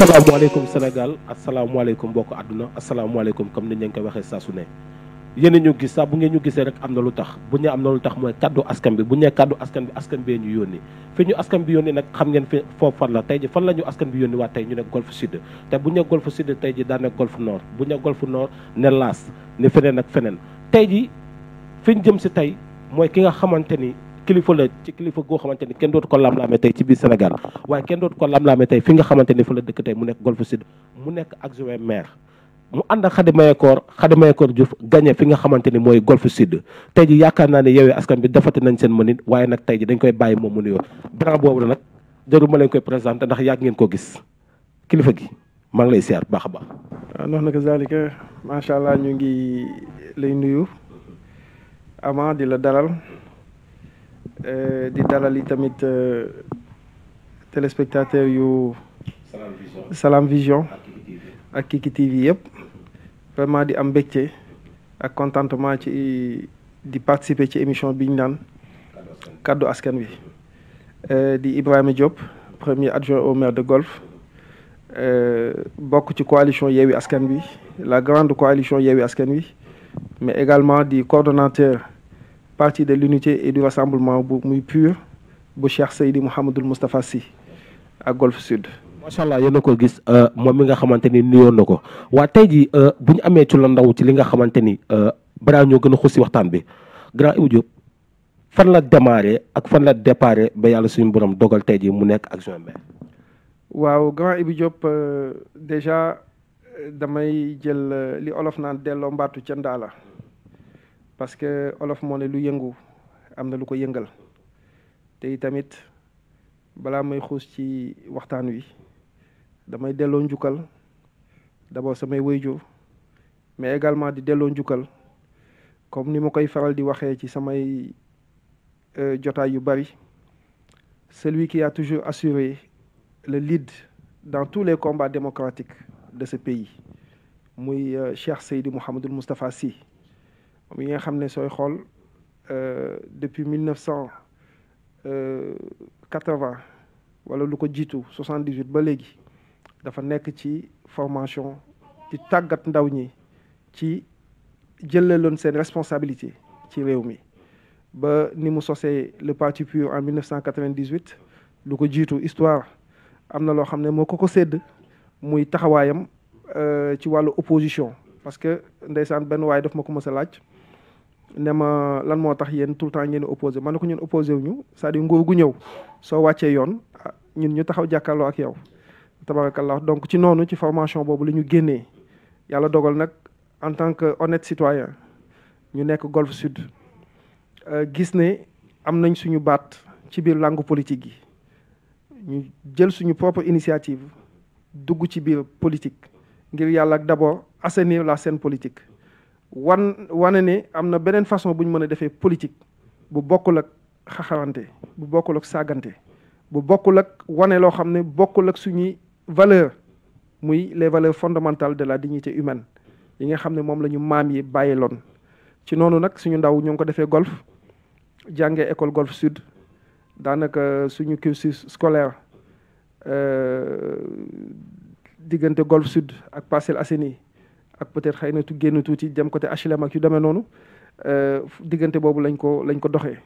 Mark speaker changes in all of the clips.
Speaker 1: asalaamaaleykum Sénégal asalaamaaleykum mbokk àdduna asalaamaaleykum comme ni ñu leen waxee saa su ne yéen ñu gis sax bu ngeen ñu gisee rek am na lu tax bu ñu am na lu tax mooy kaddu askan bi bu ñu kàddu askan bi askan bee ñu yónni fi ñu askan bi yónni nag xam ngeen fi foofu fan la tey ji fan la ñu askan bi yónni waa tey ñu ne golfe sud te bu ñu golfe sud tey ji daane golfe nord bu ñu golfe nord ne laas ne feneen ak feneen tey ji fi ñu jëm si tey mooy ki nga xamante ni kilifa la ci kilifa goo xamante ni kenn dootu ko lam-laamee tey ci biir Sénégal waaye kenn dootu ko lam-laamee tey fi nga xamante ni fa la dëkk tey mu nekk Golf Sud mu nekk adjoint maire mu ànd ak Khady Mahécor Khady fi nga xamante mooy Golf Sud tey ji yaakaar naa ne Yewwi Askan Wi dafati nañ seen mënin waaye nag tey ji dañ koy bàyyi moom mu nuyoo bran boobu la nag jarul ma leen koy présenté ndax yàgg ngeen ko gis kilifa gi maa ngi lay siyaar baax a baax
Speaker 2: waaw noonu nag zalika macha allah ñu ngi lay nuyu avant di la dalal Eh, di dalal yi tamit eh, téléspectateur yu Salam Vision ak Kiki TV yëpp vraiment di am mbégte ak contentement ci di participer ci émission bi ñu naan kaddu askan wi eh, di Ibrahima Diop premier adjoint au maire de Golf bokk ci coalition Yewwi Askan Wi la grande coalition Yewwi Askan Wi mais également di coordonateur parti de l'unité et du rassemblement bu muy PUR bu Cheikh Seydi Mouhamadul Moustapha Sy ak Golf Sud.
Speaker 1: macha allah yéen a ko gis euh, moom mi nga xamante ni nuyoon na ko waa tey jii euh, bu ñu amee ci ndaw ci li nga xamante ni euh, balaa ñoo gën a xuus si waxtaan bi grand Ibou Diop fan la démarré ak fan la déparé ba yàlla suñu borom dogal tey jii mu nekk ak juin mai.
Speaker 2: waaw grand Ibou Diop déjà damay jël li olof naan delloo mbaatu ca ndaa la parce que olof moo ne lu yëngu am na lu ko yëngal tey tamit balaa may xuus ci waxtaan wi damay delloo njukkal d'abord samay wayjur mais également di delloo njukkal comme ni ma koy faral di waxee ci samay euh, jotaay yu bari celui qui a toujours assuré le lead dans tous les combats démocratiques de ce pays muy euh, Cheikh Seydi Mouhamadul Moustapha si moom yi nga xam ne sooy xool euh, depuis mille neuf cent euh, quatre-vingt wala lu ko jiitu soixante-dix-huit ba léegi dafa nekk ci formation di tàggat ndaw ñi ci jëlee loon seen responsabilité ci réew mi ba ni mu sosee le parti pur en 1998 lu ko jiitu histoire am na loo xam ne moo ko ko sédd muy taxawaayam euh, ci wàllu opposition parce que ndeysaan benn waaye daf ma ko mës a laaj ne ma lan moo tax yéen tout le temps ngeen opposé man na ko ñun opposé wu ñu c'est-à-dire nguur gu ñëw soo wàccee yoon ah, ñun ñu taxaw jàkkaarloo ak yow tabarakallah donc ci noonu ci formation boobu la ñu génnee yàlla dogal nag en tant que honnête citoyen ñu nekk Golf Sud euh, gis ne am nañ suñu baat ci biir langue politique yi ñu jël suñu propre initiative dugg ci biir politique ngir yàlla d'abord assainir la seen politique wan wane ne am na beneen façon bu ñu mën a defee politique bu bokkul ak xaxarante bu bokkul ak sagante bu bokkul ak wane loo xam ne bokkul ak suñuy valeur muy les valeurs fondamentales de la dignité humaine yi nga xam ne moom la ñu maam yi bàyyi loon ci noonu nag suñu ndaw ñoo ngi ko defee golf jànge école golf sud daanaka suñu cursus scolaire euh, diggante golf sud ak Parcelles Assainies ak peut-être xëy na tu génn tuuti jëm côté HLM ak yu demee noonu euh, diggante boobu lañ ko lañ ko doxee.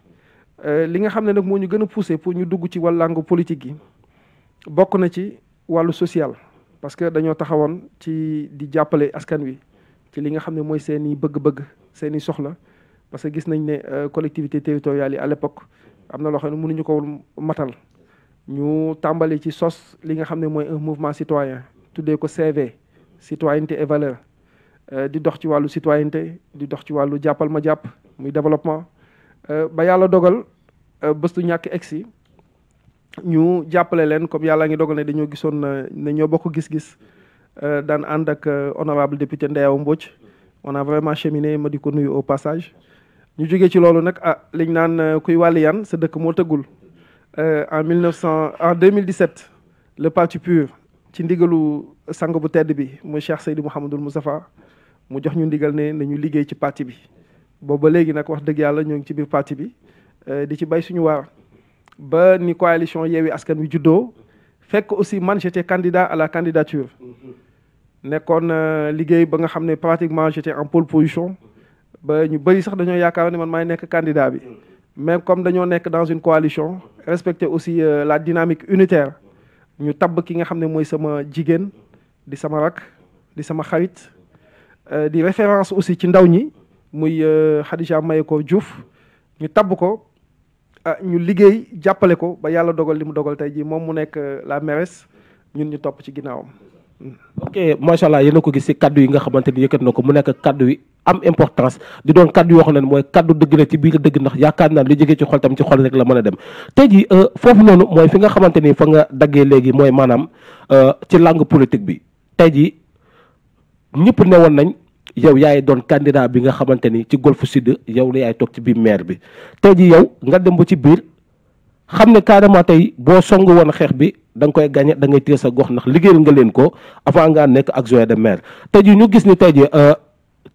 Speaker 2: Euh, li nga xam ne nag moo ñu gën a poussé pour ñu dugg ci wàllangu politique yi bokk na ci wàllu sociale parce que dañoo taxawoon ci di jàppale askan wi ci li nga xam ne mooy seen i bëgg-bëgg seen i soxla parce que gis nañ ne euh, collectivité territoriale yi à l'époque am na loo xam ne mënuñu ko matal. ñu tàmbali ci sos li nga xam ne mooy un mouvement citoyen tuddee ko CV citoyenneté et valeur Euh, di dox ci wàllu citoyenneté di dox ci wàllu jàppal ma jàpp muy développement euh, ba yàlla dogal euh, bëstu ñàkk egsi ñu jàppale leen comme yàlla ngi dogal ne dañoo gisoon na ñoo bokk gis-gis daan ànd ak honorable député Ndeyaw Mbodj on a vraiment cheminé ma di ko nuyu au passage ñu jógee ci loolu nag ah liñ naan kuy wàlli yan sa dëkk moo tëggul en mille en 2017 le parti pur ci ndigalu sang bu tedd bi muy Cheikh Seydi Mouhamadul Moustapha mu jox ñu ndigal ne nañu liggéey ci parti bi booba léegi nag wax dëgg yàlla ñoo ngi ci biir parti bi eh, di ci bay suñu waar ba ni coalition Yewwi Askan Wi juddoo fekk aussi man j'étais candidat à la candidature nekkoon euh, liggéey ba nga xam ne pratiquement j'étais en pole position ba ñu bëri sax dañoo yaakaar ne man maay nekk candidat bi mais comme dañoo nekk dans une coalition respecter aussi euh, la dynamique unitaire ñu tabb ki nga xam ne mooy sama jigéen di sama rak di sama xarit euh, di référence aussi ci ndaw ñi muy euh, Khadija Mayeko Diouf ñu tabb ko ah ñu liggéey jàppale ko ba yàlla dogal li mu dogal tey jii moom mu nekk euh, la mairesse ñun ñu topp ci ginnaawam. Hmm.
Speaker 1: ok macha allah yéen a ko gis si kaddu yi nga xamante ni yëkkat na ko mu nekk kaddu yi am importance di doon kaddu yoo xam ne mooy kaddu dëgg la ci biir dëgg ndax yaakaar naa li jógee ci xol tam ci xol rek la mën a dem tey ji euh, foofu noonu mooy fi nga xamante ni fa nga daggee léegi mooy maanaam euh, ci langue politique bi tey ji ñëpp newoon nañ yow yaay doon candidat bi nga xamante ni ci Golf Sud yow la yaay toog ci biir maire bi tey ji yow nga dem ba ci biir xam ne carrément tey boo songu woon xeex bi da nga koy gagné da ngay téye sa gox ndax liggéeyal nga leen ko avant ak adjoint de maire ñu gis ni tey ji euh,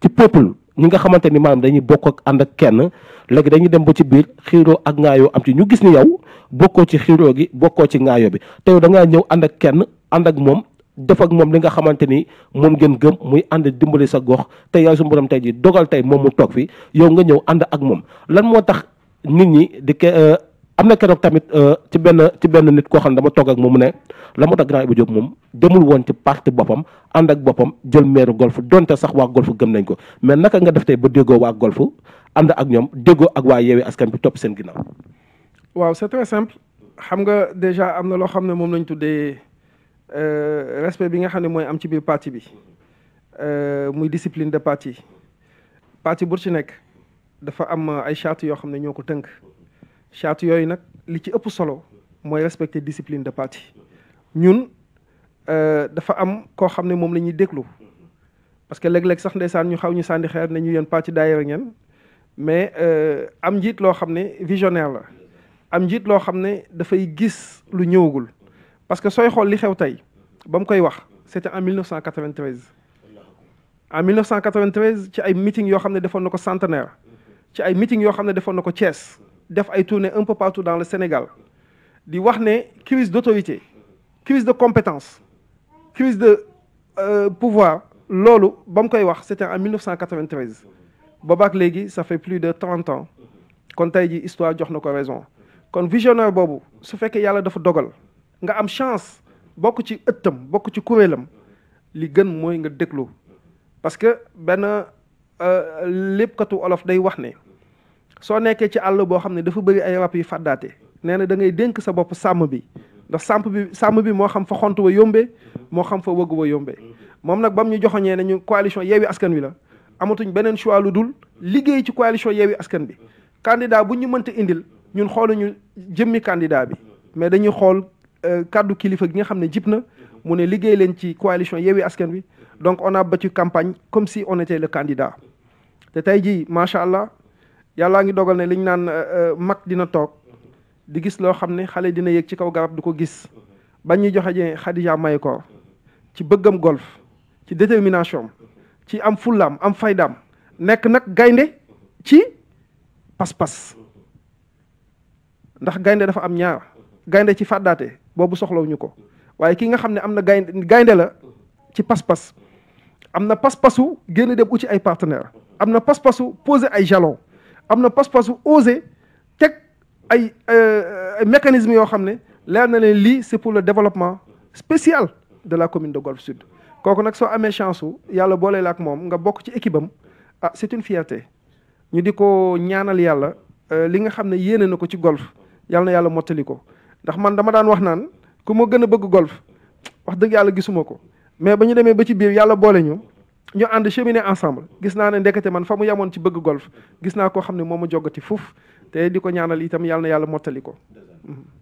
Speaker 1: ci peuple ñi nga xamante ni maanaam dañuy bokk ak ànd ak kenn léegi dañuy dem ba ci biir xiiro ak ŋaayoo am ci ñu gis ni yow bokkoo ci xiiroo gi bokkoo ci ngaayo bi te yow da ngaa ñëw ànd ak kenn ànd ak moom def ak moom li nga xamante ni moom ngeen gëm muy ànd dimbali sa gox te yow su borom tey ji dogal tey moom mu toog fi yow nga ñëw ànd ak moom lan moo tax nit ñi di ke euh, am na keroog tamit euh, ci benn ci benn nit koo xam ne dama toog ak moom mu ne la moo tax grand Ibou Diop moom demul woon ci parti boppam ànd ak boppam jël meeru golf donte sax waa golf gëm nañ ko mais naka nga def tey ba déggoo waa golf ànd ak ñoom déggoo ak waa yeewee askan bi topp seen ginnaaw.
Speaker 2: waaw c'est très xam nga déjà am na loo xam ne moom lañ tuddee euh, respect bi nga xam ne mooy am ci biir parti bi euh, muy discipline de parti parti bu ci nekk dafa am ay charte yoo xam ne ñoo ko tënk. charte yooyu nag li ci ëpp solo mooy respecter discipline de parti ñun euh, dafa am koo xam ne moom la ñuy déglu parce que léeg-léeg sax ndeysaan ñu xaw ñu sànni xeer ne ñu yéen parti daayira ngeen mais euh, am njiit loo xam ne visionnaire la am njiit loo xam ne dafay gis lu ñëwagul parce que sooy xool li xew tey ba mu koy wax c'était en 1993 en 1993 ci ay meeting yoo xam ne defoon na ko centenaire ci ay meeting yoo xam ne defoon na ko Thiès def ay tournée un peu partout dans le Sénégal di wax ne crise d'autorité crise de compétence crise de euh, pouvoir loolu ba mu koy wax c'était en 1993 boobaak léegi sa fait plus de trente ans kon tey ji histoire jox na ko raison kon visionnaire boobu su fekkee yàlla dafa dogal nga am chance bokk ci ëttam bokk ci kuréelam li gën mooy nga déglu parce que benn euh, lépp katu olof day wax ne soo nekkee ci àll boo xam ne dafa bëri ay rab yu fàddaate nee na da ngay sa bopp sàmm bi ndax sàmm bi sàmm bi moo xam fa xont wa yombee moo xam fa wëgg wa yombee moom nag bam ñu joxoñee ne ñu coalition yeewi askan wi la amatuñ beneen choix lu dul liggéey ci coalition yeewi askan bi candidat bu ñu mënta indil ñun xooluñu jëmmi candidat bi mais dañuy xool euh, kàddu kilifa gi nga xam ne jib na mu ne liggéey leen ci coalition yeewi askan wi donc on a battu campagne comme si on était le candidat te tey jii macha allah yàllaa ngi dogal ne liñ naan euh, euh, mag dina toog di gis loo xam ne xale dina yéeg ci kaw garab du ko gis bañ ñuy joxe jee Xadija may ko ci bëggam golf ci détermination ci am fullaam am faydaam nekk nag gaynde ci pas-pas ndax gaynde dafa am ñaar gaynde ci fàddaate boobu soxlawuñu ko waaye ki nga xam ne am na gaynde gaynde la ci pas-pas am na pas-pasu génn dem uti ay partenaire am na pas-pasu poser ay jalons am na pas-pasu osé teg ay ay euh, mécanismes yoo xam ne leer na leen lii c'est pour le développement spécial de la commune de Golf Sud kooku nag soo amee chance su yàlla booleel ak moom nga bokk ci équipe am ah c'est une fierté ñu di ko ñaanal yàlla euh, li nga xam ne yéene na ko ci golf yàlla na yàlla mottali ko ndax man dama daan wax naan ku ma gën a bëgg golf wax dëgg yàlla gisuma ko mais ba ñu demee ba ci biir yàlla boole ñu. ñu ànd cheminer ensemble gis naa ne ndekete man fa mu yamoon ci bëgg golf gis naa koo xam ne moom a joggati fuuf te di ko ñaanal itam yàlla yàlla mottali ko.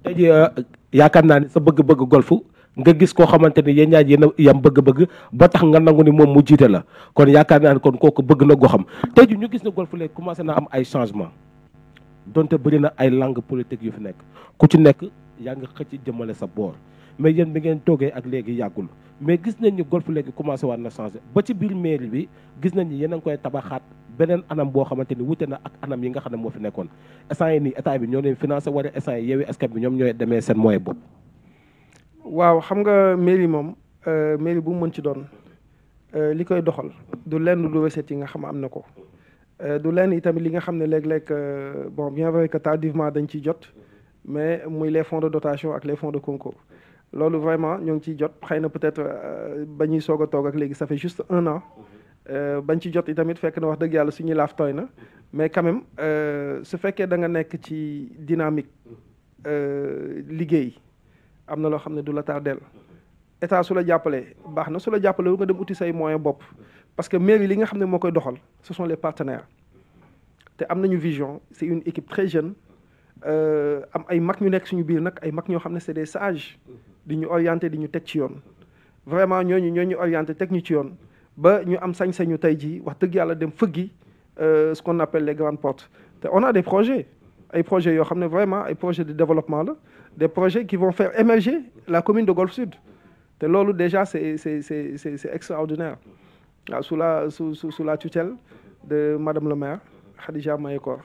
Speaker 1: tey jii euh, yaakaar naa ne sa bëgg-bëgg golf nga gis koo xamante ni yéen ñaar yéen a yam bëgg-bëgg ba tax nga nangu ni moom mu jiite la kon yaakaar naa ne kon kooku bëgg na goxam tey jii ñu gis na golf léegi commencé na am ay changement donte bëri na ay langue politique yu fi nekk ku ci nekk yaa ngi xëcc jëmmale sa boor mais yéen bi ngeen toogee ak léegi yàggul. mais gis nañ ni golf léegi commencé waat na changé ba ci biir mairie bi gis nañ ni a ngi koy tabaxaat beneen anam boo xamante ni wute na ak anam yi nga xam ne moo fi nekkoon essence yi nii bi ñoo leen financé wala essence yi Yewwi Askan Wi ñoom
Speaker 2: waaw xam nga mairie moom euh, mairie bu mu mën ci doon euh, li koy doxal du lenn lu recette yi nga xam am na ko euh, du lenn itamit li nga xam ne léeg-léeg bon bien vrai que tardivement dañ ciy jot mais muy les fonds de dotation ak les fonds de concours. loolu vraiment ñoo ngi ciy jot xëy na peut-être euh, ba ñuy soog a toog ak léegi ça fait juste un an euh, bañ ci jot itamit fekk na wax dëgg yàlla suñuy laaf tooy na mais quand même euh, su fekkee da nga nekk ci dynamique liggéey am na loo xam ne du la tardeel état su la jàppalee baax na su la jàppalee nga dem uti say moyen bopp parce que mairie li nga xam ne moo koy doxal ce sont les partenaires te am nañu vision c'est une équipe très jeune Euh, am ay mag ñu nekk suñu biir nag ay mag ñoo xam ne c'est des sages di ñu orienté di ñu teg ci yoon vraiment ñooñu ñooñu orienté teg ñu ci yoon ba ñu am sañ-sañu tey jii wax dëgg yàlla dem fëggi euh, ce qu'on appelle les grandes portes te on a des projets ay projets yoo xam ne vraiment ay projets de développement la des projets qui vont faire émerger la commune de Golf Sud te loolu déjà c'est c'est c'est c'est c'est extraordinaire su ah, sous la sous sous la tutelle de madame le maire Khadija Mayekor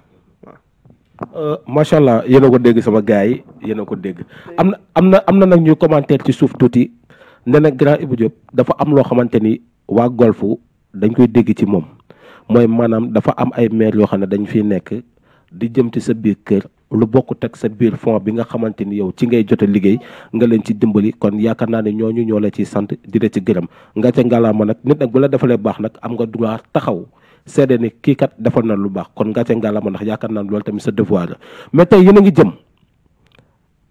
Speaker 1: Euh, macha allah yéen a ko dégg sama gars yi yéen a ko dégg am na am na am na nag ñuy commentaire ci suuf tuuti ne na grand Ibou Diop dafa am loo xamante ni waa golf dañ koy dégg ci moom mooy maanaam dafa am ay maire yoo xam ne dañ fiy nekk di jëm ci sa biir kër lu bokkut teg sa biir fond bi nga xamante ni yow ci ngay jot liggéey nga leen ci dimbali kon yaakaar naa ne ñooñu ñoo la ciy sant di la ci gërëm nga ca ngalaama nag nit nag bu la defalee baax nag am nga droit taxaw seede ni kii kat defoon na lu baax kon gàcce ngaalama ndax yaakaar naa loolu tamit sa devoir la mais tey yéen ngi jëm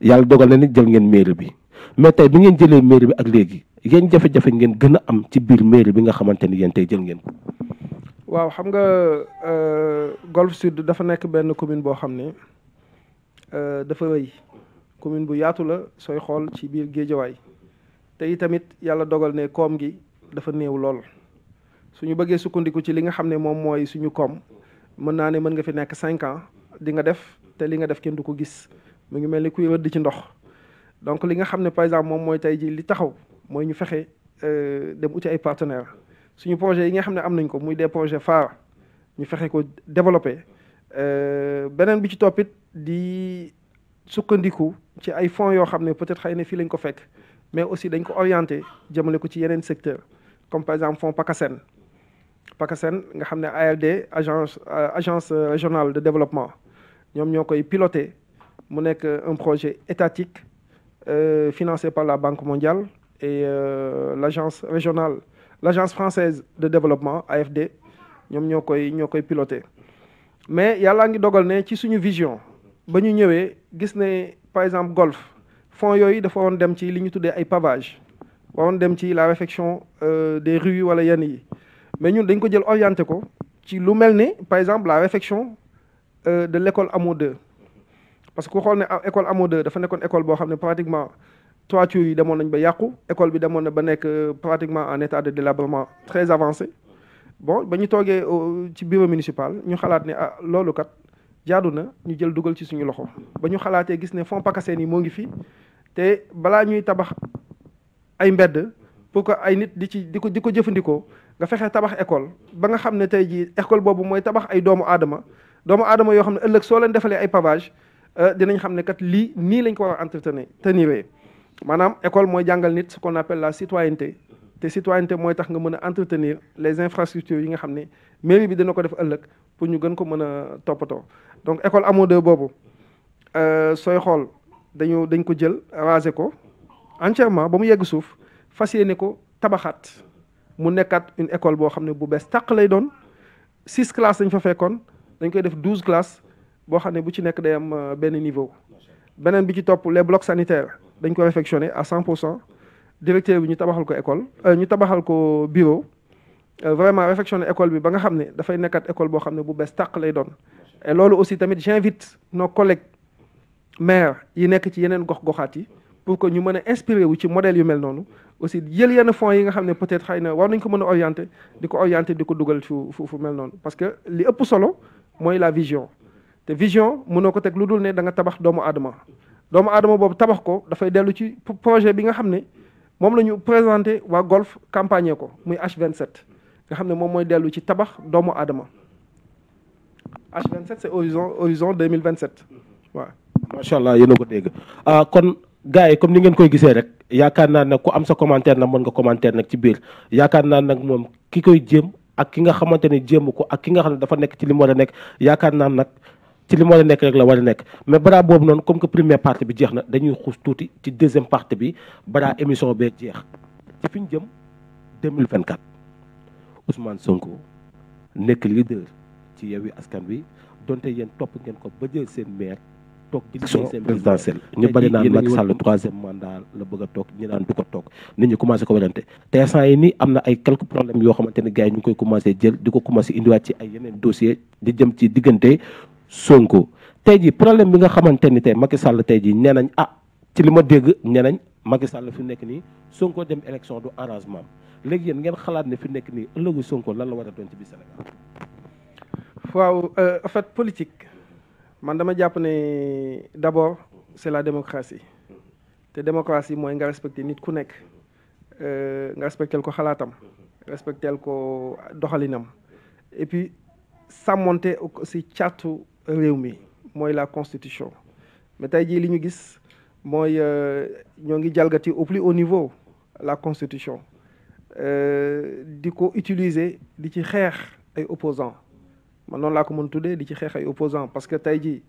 Speaker 1: yàlla dogal ne ni jël ngeen mairie bi mais tey bi ngeen jëlee mairie bi ak léegi yéen jafe-jafe ngeen gën a am ci biir mairie bi nga xamante ni yéen tey jël ngeen
Speaker 2: waaw xam nga euh, Golf Sud dafa nekk benn commune boo xam ne euh, dafa rëy commune bu yaatu la sooy xool ci biir géejawaay tey tamit yàlla dogal ne koom gi dafa néew lool. su ñu bëggee sukkandiku ci li nga xam ne moom mooy suñu koom mën naa ne mën nga fi nekk cinq ans di nga def te li nga def kenn du ko gis mu ngi mel ni kuy rëdd ci ndox donc li nga xam ne par exemple moom mooy tey ji li taxaw mooy ñu fexe euh, dem uti ay partenaires suñu projet yi nga xam ne am nañ ko muy des projet phares ñu fexe ko développer euh, beneen bi ci toppit di sukkandiku ci ay fonds yoo xam ne peut-être xëy na fii lañ ko fekk mais aussi dañ ko orienté jëmale ko ci yeneen secteur comme par exemple fonds PACASEN nga xam ne ALD agence euh, agence euh, régionale de développement ñoom ñoo koy piloté mu nekk euh, un projet étatique financé par la Banque mondiale et l'agence régionale l'agence française de développement AFD ñoom ñoo koy ñoo koy piloté mais yàllaa ngi dogal ne ci suñu vision ba ñu ñëwee gis ne par exemple golf fonds yooyu dafa waroon dem ci li ñu tuddee ay pavage waroon dem ci la réfection des rues wala yenn yi mais ñun dañ ko jël orienté ko ci lu mel ni par exemple la réflexion euh, de l' école Hamo parce que ku xool ne a ah, école Hamo 2 dafa nekkoon école boo xam ne pratiquement toiture yi demoon nañ ba yàqu école bi demoon na ba nekk euh, pratiquement en état de délabrement très avancé bon ba ñu toogee euh, ci bureau municipal ñu xalaat ne ah loolu kat jaadu na ñu jël dugal ci suñu loxo ba ñu xalaatee gis ne fond pakaseen yi moo ngi fi te balaa ñuy tabax ay mbedd pour que ay nit di ci di ko di ko jëfandikoo nga fexe tabax école ba nga xam ne tey jii école boobu mooy tabax ay doomu aadama doomu adama yoo xam ne ëllëg soo leen defalee ay pavage euh, dinañ xam ne kat lii nii lañ ko war a entretenir tenir maanaam école mooy jàngal nit ce qu'on appelle la citoyenneté te citoyenneté mooy tax nga mën a entretenir les infrastructures yi nga xam ne mais bi dina ko def ëllëg pour ñu gën ko mën a toppatoo donc école Hamo 2 boobu euh, sooy xool dañu dañ ko jël raser ko entièrement ba mu yegg suuf fas yéene ko tabaxaat mu nekkaat une école boo xam ne bu bees tàq lay doon six classes dañ fa fekkoon dañ koy def douze classes boo xam ne bu ci nekk day am euh, benn niveau beneen bi ci topp les blocs sanitaires dañ ko réfectionné à cent pour cent directeur bi ñu tabaxal ko école euh, ñu tabaxal ko bureau euh, vraiment réfectionné école bi ba nga xam ne dafay nekkaat école boo xam ne bu bees tàq lay doon et loolu aussi tamit j'invite nos collègues maires yi nekk ci yeneen gox-goxaat yi pour que ñu mën a inspiré wu ci modèle yu mel noonu aussi jël yenn fonds yi nga xam ne peut-être xëy na war nañ ko mën a orienter di ko orienter di ko dugal fu fu mel noonu parce que li ëpp solo mooy la vision te vision mënoo ko teg lu dul ne danga tabax doomu adama doomu aadama boobu tabax ko dafay dellu ci projet bi nga xam ne moom la ñu présenté waa golf campagne ko muy H27 nga xam ne moom mooy dellu ci tabax doomu aadama H27 c'est horizon horizon 2027 waaw.
Speaker 1: macha allah yéen a ko dégg ah, kon. gars yi comme ni ngeen koy gisee rek yaakaar naa nag ku am sa commentaire nag mën nga commentaire nag ci biir yaakaar naa nag moom ki koy jéem ak ki nga xamante ne jéem ko ak ki nga xam ne dafa nekk ci li mu war a nekk yaakaar naa nag ci li mu nekk rek la war a nekk mais bara boobu noonu comme que première partie bi jeex na dañuy xuus tuuti ci deuxième partie bi bara émission bee jeex ci fi ñu jëm 2024 Ousmane Sonko nekk leader ci Yewwi Askan Wi donte yéen topp ngeen ko ba jël seen maire toog ci élection présidentielle ñu bari naan Macky Sall troisième mandat la bëgg toog ñi naan du ko toog nit ñi commencé ko werante te instant yi nii am na ay quelques problèmes yoo xamante ne ñu koy commencé jël di ko commencé indiwaat ci ay yeneen dossier di jëm ci diggante Sonko tey ji problème bi nga xamante ni tey Macky Sall tey ji nee nañ ah ci li ma dégg nee nañ Macky Sall fi nekk nii Sonko dem élection du arrangement léegi yéen ngeen xalaat ne fi nekk nii Sonko
Speaker 2: lan la war a doon ci biir man dama jàpp ne d'abord c'est la démocratie te démocratie mooy nga respecter nit ku nekk euh, nga respectel ko xalaatam respectel ko doxalinam et puis sàmmonte aussi càrtu réew mi mooy la constitution mais tey jii li ñu gis mooy euh, ñoo ngi jalgati au plus haut niveau la constitution euh, di ko utiliser di ci xeex ay opposants man noonu laa ko mën tuddee di ci xeex ay opposant parce que tey jii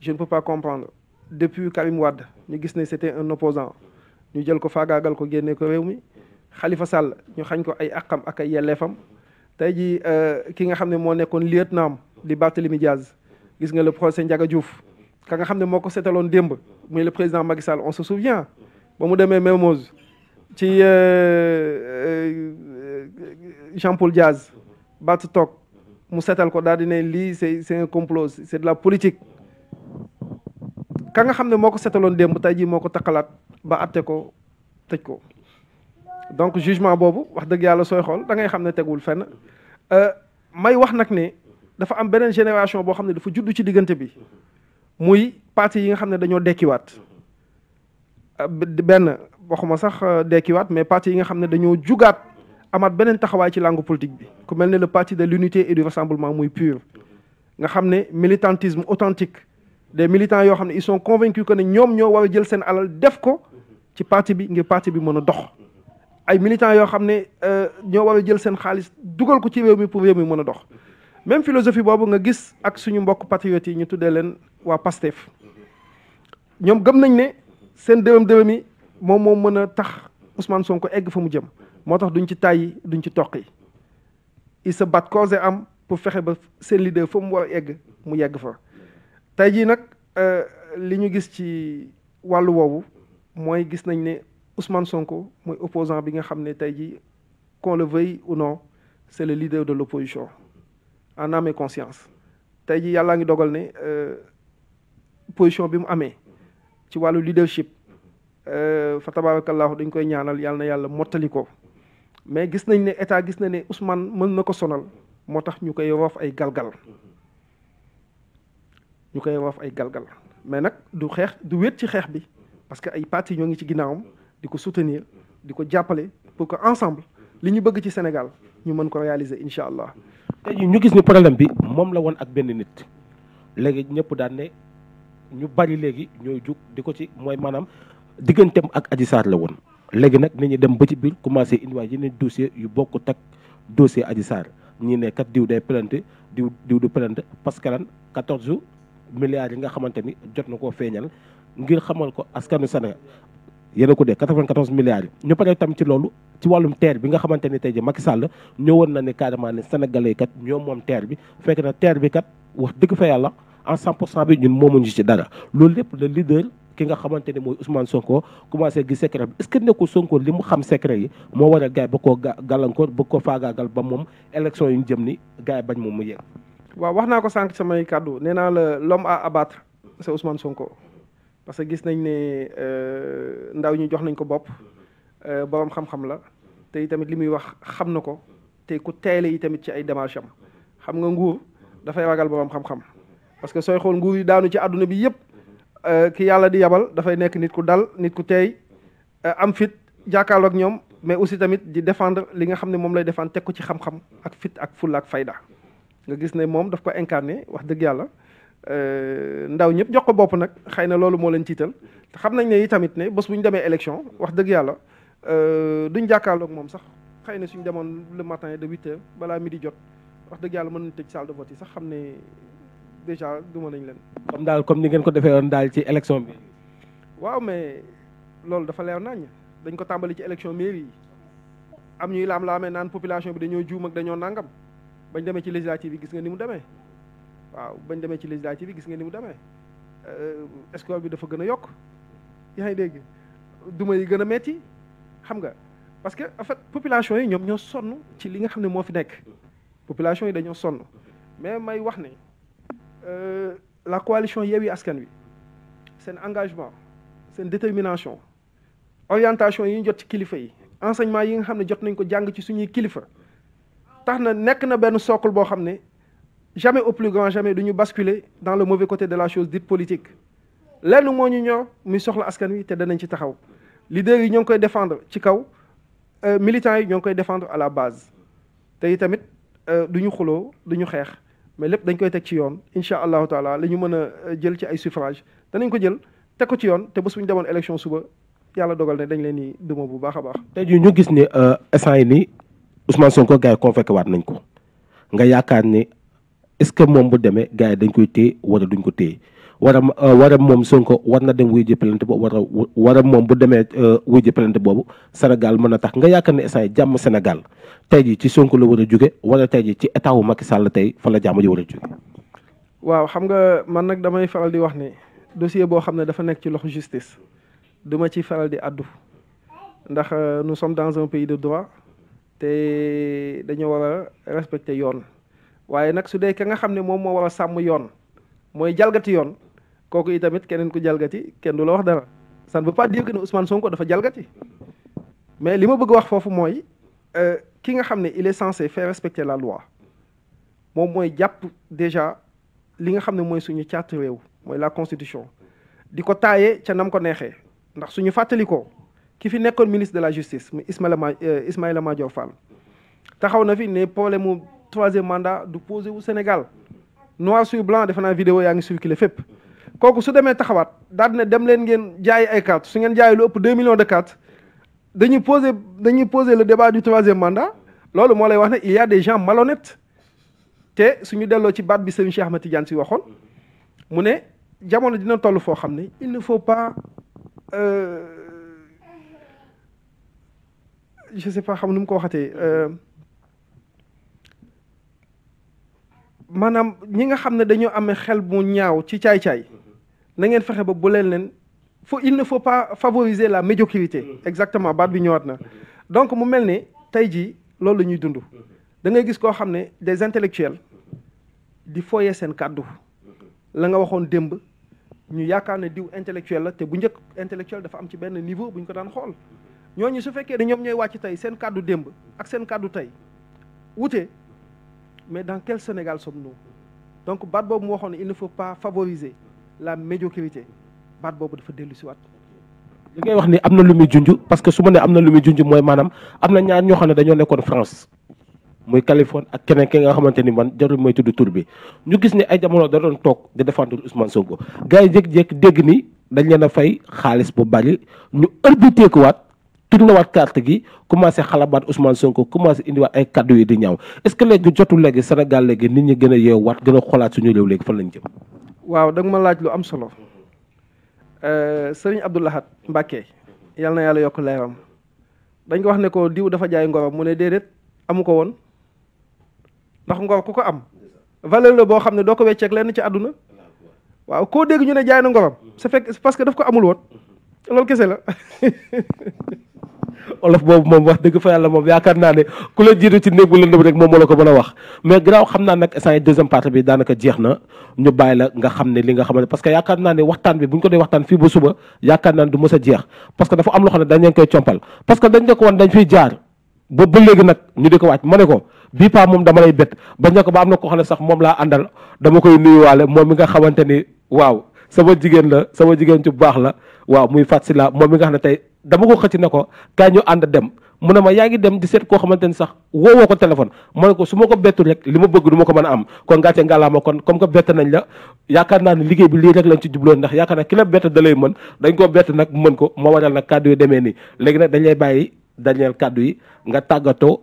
Speaker 2: je ne peux pas comprendre depuis Karim Wade ñu gis ne c'était un opposant ñu jël ko faagaagal ko génne ko réew mi xalifa Sall ñu xañ ko ay àqam ak ay yelleefam tey jii euh, ki nga xam ne moo nekkoon lieutenant di Barthélemy Diaz gis nga le procès Ndiaga Diouf ka nga xam ne moo ko seetaloon démb muy le président Macky Sall on se souvient ba mu demee Mermoz ci euh, euh, Jean Paul Diaz Bart toog mu setal ko daal dina ne lii c'est c'est un complot c'est de la politique ka nga xam ne moo ko setaloon démb tey jii moo ko takkalaat ba atte ko tëj ko donc jugement boobu wax dëgg yàlla sooy xool da ngay xam ne tegul fenn euh, may wax nag ne dafa am beneen génération boo xam ne dafa judd ci diggante bi muy parti yi nga xam ne dañoo dekkiwaat euh, benn waxuma sax euh, dekkiwaat mais parti yi nga xam ne dañoo jugaat amaat beneen taxawaay ci langue politique bi ku mel ne le parti de l'unité et du rassemblement muy PUR nga xam ne militantisme authentique des militants yoo xam ne ils sont convaincus que ne ñoom ñoo war a jël seen alal def ko ci parti bi ngir parti bi mën a dox ay militants yoo xam ne euh, ñoo war a jël seen xaalis dugal ko ci réew mi pour réew mi mën a dox même philosophie boobu nga gis ak suñu mbokk patriotes yi ñu tuddee leen waa PASTEF ñoom gëm nañ ne seen dërëm dërëm yi moom moo mën a tax Ousmane Sonko egg fa mu jëm moo tax duñ ci tàyyi duñ ci toqi ils se battent corps et pour fexe ba seen leader fa mu war a egg mu yegg fa tey jii nag euh, li ñu gis ci wàllu woowu mooy gis nañ ne Ousmane Sonko mooy opposant bi nga xam ne tey jii qu'on le veuille ou non c'est le leader de position en âme et conscience tey jii yàllaa ngi dogal ne euh, position bi mu amee ci wàllu leadership euh, fa tabarakallahu dañ koy ñaanal yàlla na yàlla mottali ko mais gis nañ ne état gis na ne Ousmane mën na ko sonal moo tax ñu koy roof ay galgal ñu koy roof ay galgal mais nag du xeex du wéet ci xeex bi parce que ay parti ñoo ngi ci ginnaawam di ko soutenir di ko jàppale pour que ensemble li ñu bëgg ci Sénégal ñu mën ko réaliser incha allah.
Speaker 1: tey jii ñu gis ni problème bi moom la woon ak benn nit léegi ñëpp daane ñu bari léegi ñooy jug di ko ci mooy maanaam digganteem ak Adji Sarr la woon. léegi nag nit ñi dem ba ci biir commencé indiwaat yeneen dossier yu bokk tak dossier Adji Sarr ñii ne kat diw day plainte diw diw du plainte parce que lan 14 milliards yi nga xamante ni jot na koo feeñal ngir xamal ko askanu Sénégal yéen a ko dee 94 milliards yi ñu pare tam ci loolu ci wàllum terre bi nga xamante ni tey jii Macky sàll ñëwoon na ne carrément ne sénégalais kat ñoo moom terre bi fekk na terre bi kat wax dëgg fa yàlla en 100 pour cent bi ñun moomuñu ci dara loolu lépp le leader ki nga xamante ne mooy Ousmane Sonko commencé gis secret bi est-ce que nekkul Sonko li mu xam secret yi moo war a gaay ba koo gàllankoor ba ko faagaagal ba moom élection yu ñu jëm ni gaay bañ moom mu yegg.
Speaker 2: waaw wax naa ko sànq samay kàddu nee naa la l'homme a abattre c'est Ousmane Sonko parce que gis nañ ne euh, ndaw ñi jox nañ ko bopp euh, borom xam-xam la te tamit li muy wax xam na ko te ku teel yi tamit ci ay démarches am xam nga nguur dafay ragal borom xam-xam parce que sooy xool nguur yi daanu ci àdduna bi yëpp. Euh, ki yàlla di yabal dafay nekk nit ku dal nit ku teey euh, am fit jàkkaarloog ñoom mais aussi tamit di defendre li nga xam ne moom lay défendre teg ko ci xam-xam ak fit ak fulla ak fayda nga gis ne moom daf ko incarné wax dëgg yàlla euh, ndaw ñëpp jox ko bopp nag xëy na loolu moo leen tiital xam nañ ne yi tamit ne bés bu ñu demee élection wax dëgg yàlla duñ jàkkaarloog moom sax xëy na suñ demoon le matin de huit balaa mi di jot wax dëgg yàlla mën nañ tëj salle de yi sax xam ne déjà duma nañ leen. comme
Speaker 1: daal comme ni ngeen ko defee yoon daal ci élection bi.
Speaker 2: waaw mais loolu dafa leer nañ dañ ko tàmbali ci élection mairie yi am ñuy laam-laamee naan population bi dañoo juum dañoo nangam bañ demee ci législative bi gis nga ni mu demee waaw bañ demee ci législative bi gis nga ni mu demee score euh, bi dafa gën a yokk yaa ngi dégg duma yi gën a metti xam nga parce que en population yi ñoom ñoo sonn ci li nga xam ne moo fi nekk population yi dañoo sonn mais may wax ne Euh, la coalition Yewwi Askan Wi seen engagement seen détermination orientation yi ñu jot ci kilifa yi enseignement yi nga xam ne jot nañ ko jàng ci suñuy kilifa tax na nekk na benn socle boo xam ne jamais au plus grand jamais du ñu basculer dans le mauvais côté de la chose dite politique lenn moo ñu ñor muy soxla askan wi te danañ ci taxaw leader yi ñoo ngi koy défendre ci kaw euh, militants yi ñoo ngi koy défendre à la base te itamit euh, du ñu xuloo du ñu xeex mais lépp dañ koy teg ci yoon incha allahu taala li ñu mën a euh, jël ci ay suffrage danañ ko jël teg ko ci yoon te bés suñ ñu demoon élection suba yàlla dogal ne dañ leen di duma bu baax a baax.
Speaker 1: tey jii ñu gis ne euh, instant yi nii Ousmane Sonko gars yi convoqué waat nañ ko nga yaakaar ni est-ce que moom bu demee gars yi dañ koy téye wala duñ ko téye. wara a euh, war moom Sonko war na dem wuy ji boobu war a moom bu demee euh, wuy ji boobu Sénégal mën a tax nga yaakaar ne essay jàmm Sénégal tey ji ci Sonko la war a jóge wala tey ji ci état wu Macky Sall tey fa la ji war a jóge
Speaker 2: waaw xam nga man nag damay faral di wax ne dossier boo xam ne dafa nekk ci loxo justice duma ci faral di addu ndax euh, nu sommes dans un pays de droit te dañoo war a yoon waaye nag su dee ka nga xam ne moom moo war a sàmm yoon mooy jalgati yoon kooku itamit keneen ku jalgati kenn du la wax dara ça ne veut pas dire que ne Ousmane Sonko dafa jalgati mais li ma bëgg wax foofu mooy euh, ki nga xam ne il est censé faire respecter la loi moom mooy jàpp déjà li nga xam ne mooy suñu càtt réew mooy la constitution di ko taayee ca nam ko neexee ndax suñu fàttalikoo ki fi nekkoon ministre de la justice mu Ismaïla Ma euh, Ismaïla Madior Fall taxaw na fi ne problème mu troisième mandat du posé wu Sénégal noir sur blanc defe naa vidéo yaa ngi fépp. kooku su demee taxawaat daal ne dem leen ngeen jaay ay cartes su ngeen jaay lu ëpp deux millions de cartes dañuy poser dañuy poser le débat du troisième mandat loolu moo lay wax ne il y a des gens malhonnêtes te suñu delloo ci baat bi Serigne Cheikh Ahmed Tidiane si waxoon mu ne jamono dina toll foo xam ne il ne faut pas euh, xam nu mu ko waxatee euh, maanaam ñi nga xam ne dañoo amee xel mu ñaaw ci caay-caay na ngeen fexe ba bu leen leen faut il ne faut pas favoriser la médiocrité mm-hmm. exactement baat bi ñëwaat na mm-hmm. donc mu mel ne tey jii loolu la ñuy dund mm-hmm. da ngay gis koo xam ne des intellectuels di fooyee seen kàddu la nga waxoon démb ñu yaakaar ne diw intellectuel la te bu njëkk intellectuel dafa am ci benn niveau bu ñu ko daan xool ñooñu su fekkee ne ñoom ñooy wàcc tey seen kàddu démb ak seen kàddu tey wute mais dans quel Sénégal sommes-nous donc baat boobu mu waxoon ne il ne la médiocrité baat boobu dafa dellu si waat
Speaker 1: li ngay wax ni am na lu muy junj parce que su ma ne am na lu muy junj mooy maanaam am na ñaar ñoo xam ne dañoo nekkoon France muy Californie ak keneen ki nga xamante ni man jarul mooy tudd tur bi ñu gis ni ay jamono da doon toog di défendre Ousmane Sonko gars yi jékki-jékki dégg ni dañ leen a fay xaalis bu bari ñu ërbitee ko waat tourné waat carte gi commencé xalabaat Ousmane Sonko commencé indiwaat ay kaddu yi di ñaaw est-ce que léegi jotul léegi Sénégal léegi nit ñi gën a yeewaat gën xoolaat suñu réew léegi fan lañ jëm.
Speaker 2: waaw da ma laaj lu am solo eh, sëriñ Abdou Lahad Mbacke yal na yàlla yokk leeram dañ ko wax ne ko diw dafa jaay ngorom mu ne déedéet amu ko woon ndax ngor ku ko am valeur la boo xam ne doo ko wecceeg lenn ci àdduna waaw koo dégg ñu ne jaay na ngorom su fekk parce que daf ko amul woon loolu kese la.
Speaker 1: olof boobu moom wax dëgg fa yàlla moom yaakaar naa ne ku la jiitu ci néeg bu lëndëm rek moom moo la ko mën a wax mais garaaw xam naa nag instant yi bi daanaka jeex a jeex parce que dafa koy compal parce que dañ ne ko woon dañ fiy jaar ba ba léegi nag ñu di ko wàcc ma bii paa moom dama lay bett bañ ne ba am na koo xam ne sax moom laa àndal dama koy nuyuwaale moom mi nga xamante waaw sama jigéen la sama jigéen ci baax la waaw muy fàttali la moom mi nga xam dama ko xëcc ne ko kaa ñu ànd dem mu ne ma yaa ngi dem di seet koo xamante ni sax woowoo ko téléphone mooy ko su ma ko bettu rek li ma bëgg du ma ko mën a am kon gàcce ngalaama kon comme que bett nañ la yaakaar naa ne liggéey bi lii rek lañ ci jubloon ndax yaakaar naa ki la bett da lay mën dañ koo bett nag mën ko moo waral nag kàddu yi demee nii léegi nag dañ lay bàyyi Daniel kàddu yi nga tàggatoo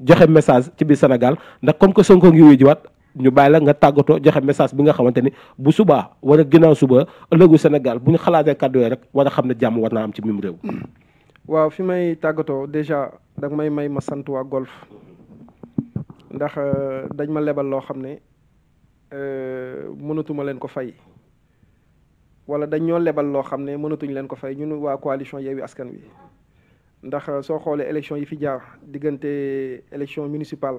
Speaker 1: joxe message ci biir Sénégal ndax comme que Sonko ngi wuyu jiwaat ñu bàyyi la nga tàggatoo joxe message bi nga xamante ni bu subaa wala ginnaaw suba ëllëgu Sénégal bu ñu xalaatee kàdduwee rek war a xam ne jàmm war naa am ci mim réew.
Speaker 2: waaw fi may tàggatoo déjà dag may may ma sant waa golf ndax euh, dañ ma lebal loo xam ne euh, mënatuma leen ko fay wala dañ ñoo lebal loo xam ne mënatuñ leen ko fay ñun waa coalition Yewwi Askan Wi ndax euh, soo xoolee élection yi fi jaar diggante élection municipale.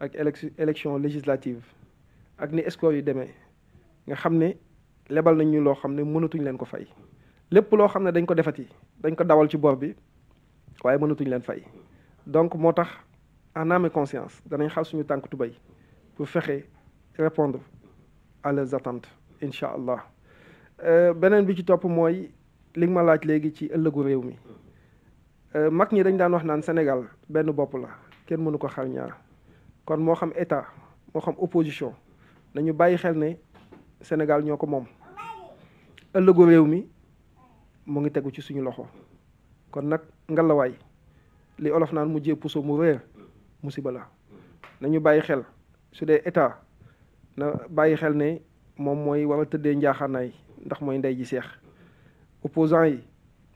Speaker 2: ak élection législative ak ni score yu demee nga xam ne lebal nañ ñu loo xam ne mënatuñ leen ko fay lépp loo xam ne dañ ko defati dañ ko dawal ci bor bi waaye mënatuñ leen fay donc moo tax en âme conscience danañ xal suñu tànk tubéy pour fexe répondre à leurs attentes incha allah euh, beneen bi ci topp mooy li ma laaj léegi ci ëllëgu réew mi euh, mag ñi dañ daan wax naan Sénégal benn bopp la kenn mënu ko xar ñaar kon moo xam état moo xam opposition nañu bàyyi xel ne Sénégal ñoo ko moom ëllëgu réew mi mu ngi tegu ci suñu loxo kon nag ngalawaay li olof naan mu jee puso mu réer musiba la nañu bàyyi xel su dee état na bàyyi xel ne moom mooy war a tëddee njaaxaanaay ndax mooy nday ji seex opposants yi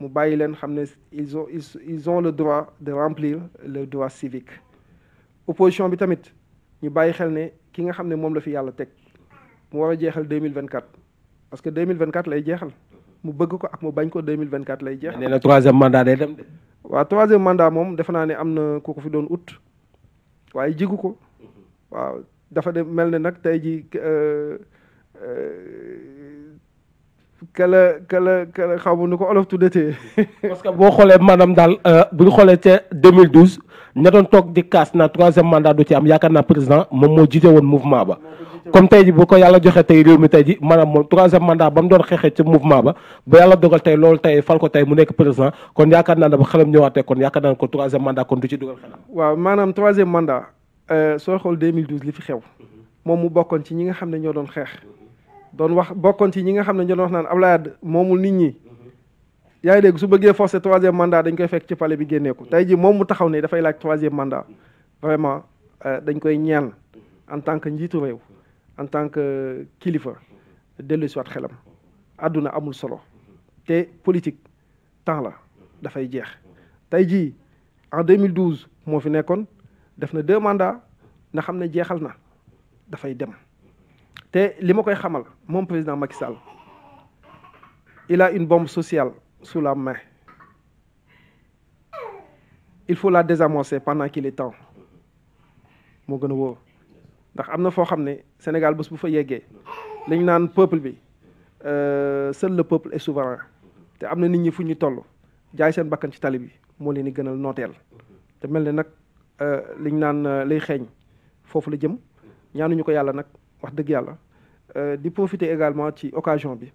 Speaker 2: mu bàyyi leen xam ne ils ont ils ont le droit de remplir le droit civique opposition bi tamit ñu bàyyi xel ne ki nga xam ne moom la fi yàlla teg mu war a jeexal deux mille vingt quatre parce que deux mille vingt quatre lay jeexal mu bëgg ko ak mu bañ ko deux mille vingt quatre lay jeexal. nee na troisième
Speaker 1: mandat day dem de.
Speaker 2: waa troisième mandat moom defe ne am na ku ko fi doon ut waaye jigu ko mhm. dafa de mel ne nag tey ji euh, euh, kala kala kala xamu nu ko olof te parce que boo xoolee
Speaker 1: maanaam daal euh, bu ñu xoolee ca 2012 ña doon toog di kaas na troisième mandat du ci am yaakaar naa président moom moo jiite woon mouvement ba. comme tey ji bu ko yàlla joxe tey réew mi tey ji moom troisième mandat ba mu doon xeexee ci mouvement ba ba yàlla dogal tey loolu tey fal ko tey mu nekk président kon yaakaar naa ne ba xelam ñëwaatee kon yaakaar naa ko troisième mandat kon du ci dugal xelam.
Speaker 2: waaw maanaam troisième mandat euh, soo xool 2012 li fi xew moom mu bokkoon ci ñi nga xam ne ñoo doon xeex. doon wax bokkoon ci ñi nga xam ne ñu doon wax naan Ablaye moomul nit ñi yaa ngi dégg su bëggee forcer troisième mandat dañ koy fekk ci pale bi génnee ko mm-hmm. tey ji moom mu taxaw ne dafay laaj troisième mandat vraiment euh, dañ koy ñaan en tant que njiitu réew en tant que kilifa dellu si xelam àdduna amul solo te politique temps la dafay jeex tey jii en 2012 moo fi nekkoon def na deux mandats nga xam ne jeexal na dafay dem. te li ma koy xamal moom président Macky Sall il a une bombe sociale sous la main il faut la désamorcer pendant qu'il est temps moo gën a wóor ndax am na foo xam ne Sénégal bés bu fa yeggee li naan peuple bi euh, seul le peuple est souverain te am na nit ñi fu ñu toll jaay seen bakkan ci tali bi moo leen di gënal nooteel te mel ne nag euh, li ñu naan euh, lay xeeñ foofu la jëm ñaanuñu ko yàlla nag wax dëgg yàlla Euh, di profiter également ci occasion bi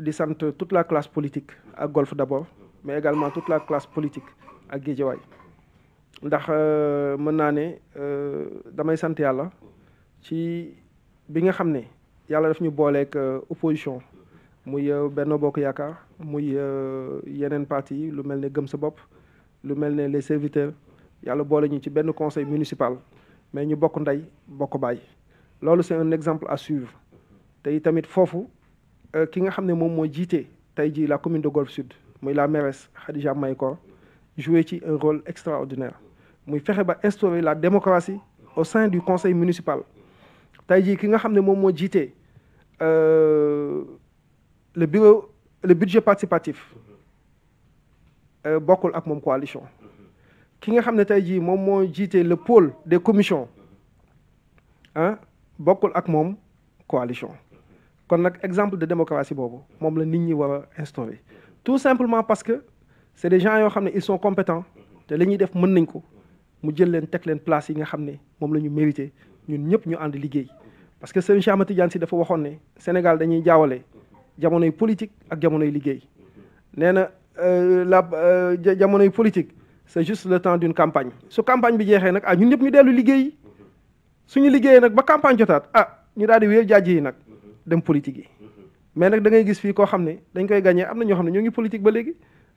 Speaker 2: di sant toute la classe politique ak golf d'abord mais également toute la classe politique ak géejawaay ndax euh, mën naa ne euh, damay sant yàlla ci bi nga xam ne yàlla def ñu booleeg opposition muy Benno Bokk Yaakaar muy yeneen parti lu mel ne Gëm sa bopp lu mel ne les serviteurs yàlla boole ñu ci benn conseil municipal mais ñu bokk ndey bokk baay. loolu c'est un exemple à suivre tey tamit foofu euh, ki nga xam ne moom mooy jiite tey jii la commune de Golf Sud muy la mairesse Khadija Mahécor joué ci un rôle extraordinaire muy fexe ba instaurer la démocratie au sein du conseil municipal tey jii ki nga xam ne moom moo jiite euh, le bureau le budget participatif euh, bokkul ak moom coalition ki nga xam ne tey jii moom mooy jiite le pôle des commissions bokkul ak moom coalition kon nag exemple de démocratie boobu moom la nit ñi war a instaurer tout simplement parce que c'est des gens yoo xam ne ils sont compétents te lañuy def mën nañ ko mu jël leen teg leen place yi nga xam ne moom la ñu mérité ñun ñëpp ñu ànd liggéey parce que Serigne Cheikh Ahmed Tidiane Sy dafa waxoon ne Sénégal dañuy jaawale jamonoy politique ak jamonoy liggéey nee na euh, la euh, jamonoy politique c'est juste le temps d'une campagne su campagne bi jeexee nag ah ñun ñëpp ñu dellu liggéey suñu liggéeyee nag ba campagne jotaat ah ñu daal di wéer jaaj yi nag dem politique yi mais nag da ngay gis fii koo xam ne dañ koy gagné am na ñoo xam ne ñoo ngi politique ba léegi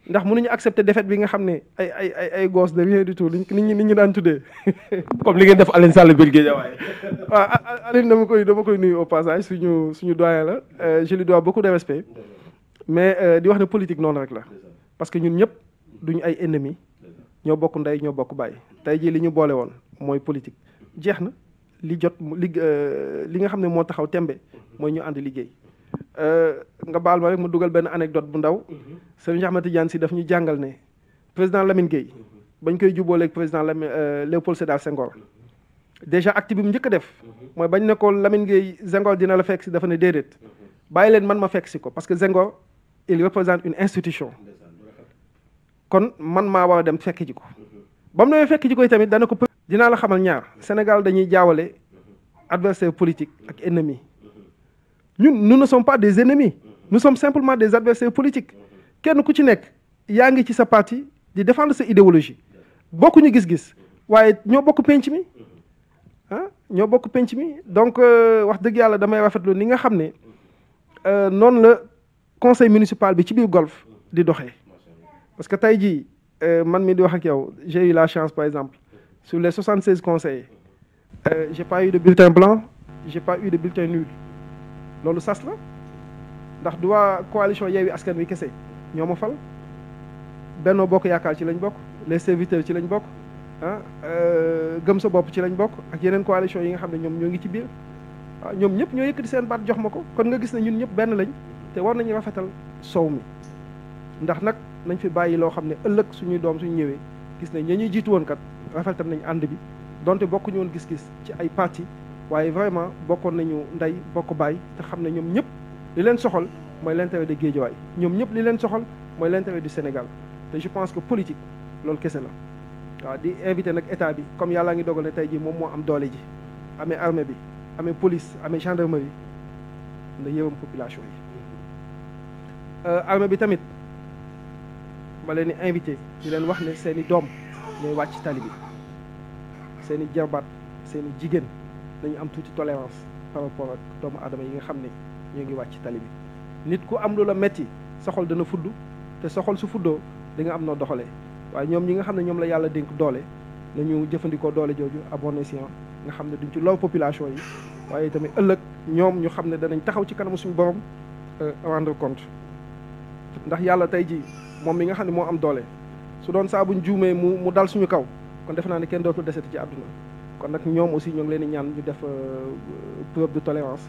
Speaker 2: ndax mënuñu accepter défaite bi nga xam ne ay ay ay ay gosse de rien du tout liñ nit ñi nit ñi daan tuddee. li ngeen def Alioune Sall biir Guédiawaye. waaw Alioune dama koy dama koy nuyu au passage suñu suñu doyen la euh, je lui dois beaucoup de respect mais euh, di wax ne politique noonu rek la parce que ñun ñëpp duñu ay ennemis ñoo bokk ndey ñoo bokk bàyyi tey jii li ñu boole woon mooy politique jeex na. li jot li euh, li nga xam ne moo taxaw tembe mooy ñu ànd liggéey euh, nga baal ma rek mu dugal benn anecdote bu ndaw Serigne Ahmed Tidiane Sy daf ñu jàngal ne président Lamine Gueye bañ koy jubooleeg président Lamine euh, Léopold Sédar Senghor déjà acte bi mu njëkk def mooy bañ ne ko Lamine Gueye Senghor dina la fekk si dafa ne déedéet bàyyi leen man ma fekk si ko parce que Senghor il représente une institution kon man maa war a dem fekk ji ko ba fekk ji ko tamit dana ko dinaa la xamal ñaar Sénégal dañuy jaawale adversaire politique ak ennemi ñun nous ne sommes pas des ennemis nu some simplement des adversaires politiques kenn ku ci nekk yaa ngi ci sa parti di défendre sa idéologie bokkuñu gis-gis waaye ñoo bokk penc mi ah ñoo bokk penc mi donc euh, wax dëgg yàlla damay rafetlu ni nga xam ne euh, noonu la conseil municipal bi ci biir golf di doxee parce que tey jii euh, man mi di wax ak yow j'ai eu la chance par exemple sur les 76 conseillers euh, je pas eu de bulletin blanc je pas eu de bulletin nul loolu sas la ndax du waa coalition Yewwi Askan Wi kese ñoo ma fal Benno Bokk Yaakaar ci lañ bokk les serviteurs ci lañ bokk ah euh, gëm sa bopp ci lañ bokk ak yeneen coalition yi nga xam ne ñoom ñoo ngi ci biir ah, ñoom ñëpp ñoo yëkkati seen baat jox ma ko kon nga gis ne ñun ñëpp benn lañ te war nañu rafetal sow mi ndax nag nañ fi bàyyi loo xam ne ëllëg suñuy doom suñu ñëwee gis ne ña ñuy jiitu woon kat rafetal nañu ànd bi donte bokkuñu woon gis-gis ci ay parti waaye vraiment bokkoon nañu ndey bokk baay te xam ne ñoom ñëpp li leen soxal mooy l'intérêt de Guédiawaye ñoom ñëpp li leen soxal mooy l'intérêt du Sénégal te je pense que politique loolu kese la. waaw di invité nag état bi comme yàlla ngi dogale tey jii moom moo am doole ji amee armée bi amee police amee gendarmerie na yërëm population yi euh, armée bi tamit ma leen di invité di leen wax ne seeni doom. ñooy wàcc tali bi seen i jarbaat seen i jigéen nañu am tuuti tolérance par rapport ak doomu aadama yi nga xam ne ñoo ngi wàcc tali bi nit ku am lu la metti sa xol dana fudd te soxal su fuddoo di nga am noo doxalee waaye ñoom ñi nga xam ne ñoom la yàlla dénk doole nañu jëfandikoo doole jooju à bon escient nga xam ne duñ ci lor population yi waaye tamit ëllëg ñoom ñu xam ne danañ taxaw ci kanamu suñu borom euh, rendre compte ndax yàlla tey jii moom mi nga xam ne moo am doole su doon saa buñ juumee mu mu dal suñu kaw kon defe naa ne kenn dootul deseti ci àdduna kon nag ñoom aussi ñoo ngi leen di ñaan ñu def euh, preuve de tolérance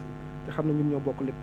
Speaker 2: te xam na ñu ñoo bokk lépp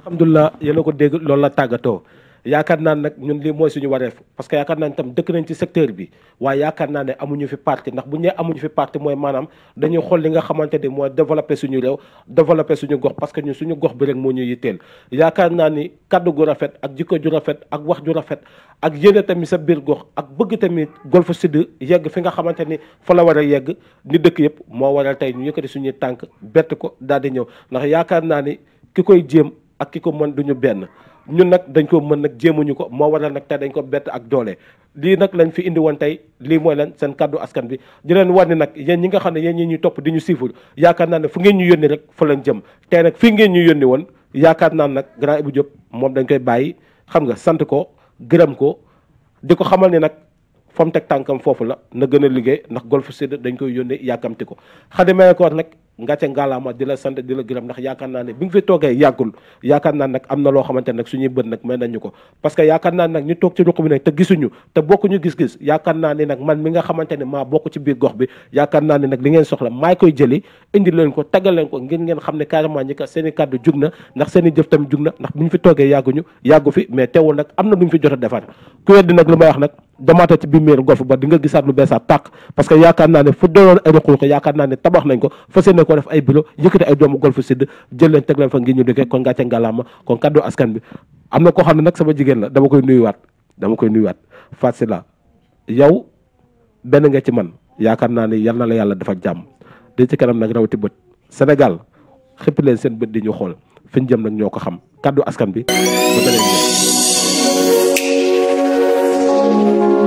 Speaker 1: alhamdulilah yéen a ko dégg loolu la tàggatoo yaakaar naa nag ñun lii mooy suñu wareef parce que yaakaar naa ne tam dëkk nañ ci secteur bi waaye yaakaar naa ne amuñu fi parti ndax bu ñu nee amuñu fi parti mooy maanaam dañuy xool li nga xamante ni mooy développé suñu réew développé suñu gox parce que ñun suñu gox bi rek moo ñu yitteel yaakaar naa ni kaddu gu rafet ak jikko ju rafet ak wax ju rafet ak yéene tamit sa biir gox ak bëgg tamit Golf Sud yegg fi nga xamante ni fa la war a yegg ni dëkk yëpp moo waral tey ñu yëkkati suñuy tànk bett ko daal di ñëw ndax yaakaar naa ni ki koy jéem ak ki ko mën duñu benn ñun nag dañ koo mën nag jéemuñu ko moo waral nag te dañ ko bett ak doole lii nag lañ fi indi tey lii mooy lan seen kàddu askan bi di leen war ni nag yéen ñi nga xam ne yéen ñi ñu topp di ñu siiful yaakaar naa ne fu ngeen ñu yónni rek fa lañ jëm tey nag fii ngeen ñu yónni woon yaakaar naa nag grand Ibou Diop moom dañ koy bàyyi xam nga sant ko gërëm ko di ko xamal ni nag fa teg tànkam foofu la na gën a liggéey ndax Golf Sud dañ koy yónnee yàkkamti ko xadimee ko nag ngàcce ngaalaama di la sant di la naa ne bi nga fi toogee yàggul yaakaar naa nag am na loo xamante nag suñuy bët nag may nañu ko parce que yaakaar naa nag ñu toog ci ruq bi nag te gisuñu te bokkuñu yaakaar naa ne nag man mi nga xamante ne maa bokk ci biir gox bi yaakaar naa ne nag li ngeen soxla maay koy jëli indi leen ko tagal leen ko ngir ngeen ne carrément ñi seen i kàddu jug na ndax seen i jëf ndax bu fi toogee yàgguñu yàggu fi mais teewul nag am na lu fi jot a defar ku weddi nag li may wax nag demaatati bi biir golf ba di nga gisaat lu beesaat tàq parce naa ne fu doonoon ay ruqu ko fas yéene ko def ay bureau am na koo xam ne nag sama jigéen la dama koy nuyuwaat dama koy nuyuwaat Fatou Sylla yow benn nga ci man yaakaar naa ne yal na la yàlla dafa jàmm di ci kanam nag rawati bët Sénégal xëpp leen seen bët di ñu xool fi ñu jëm nag ñoo ko xam kaddu askan bi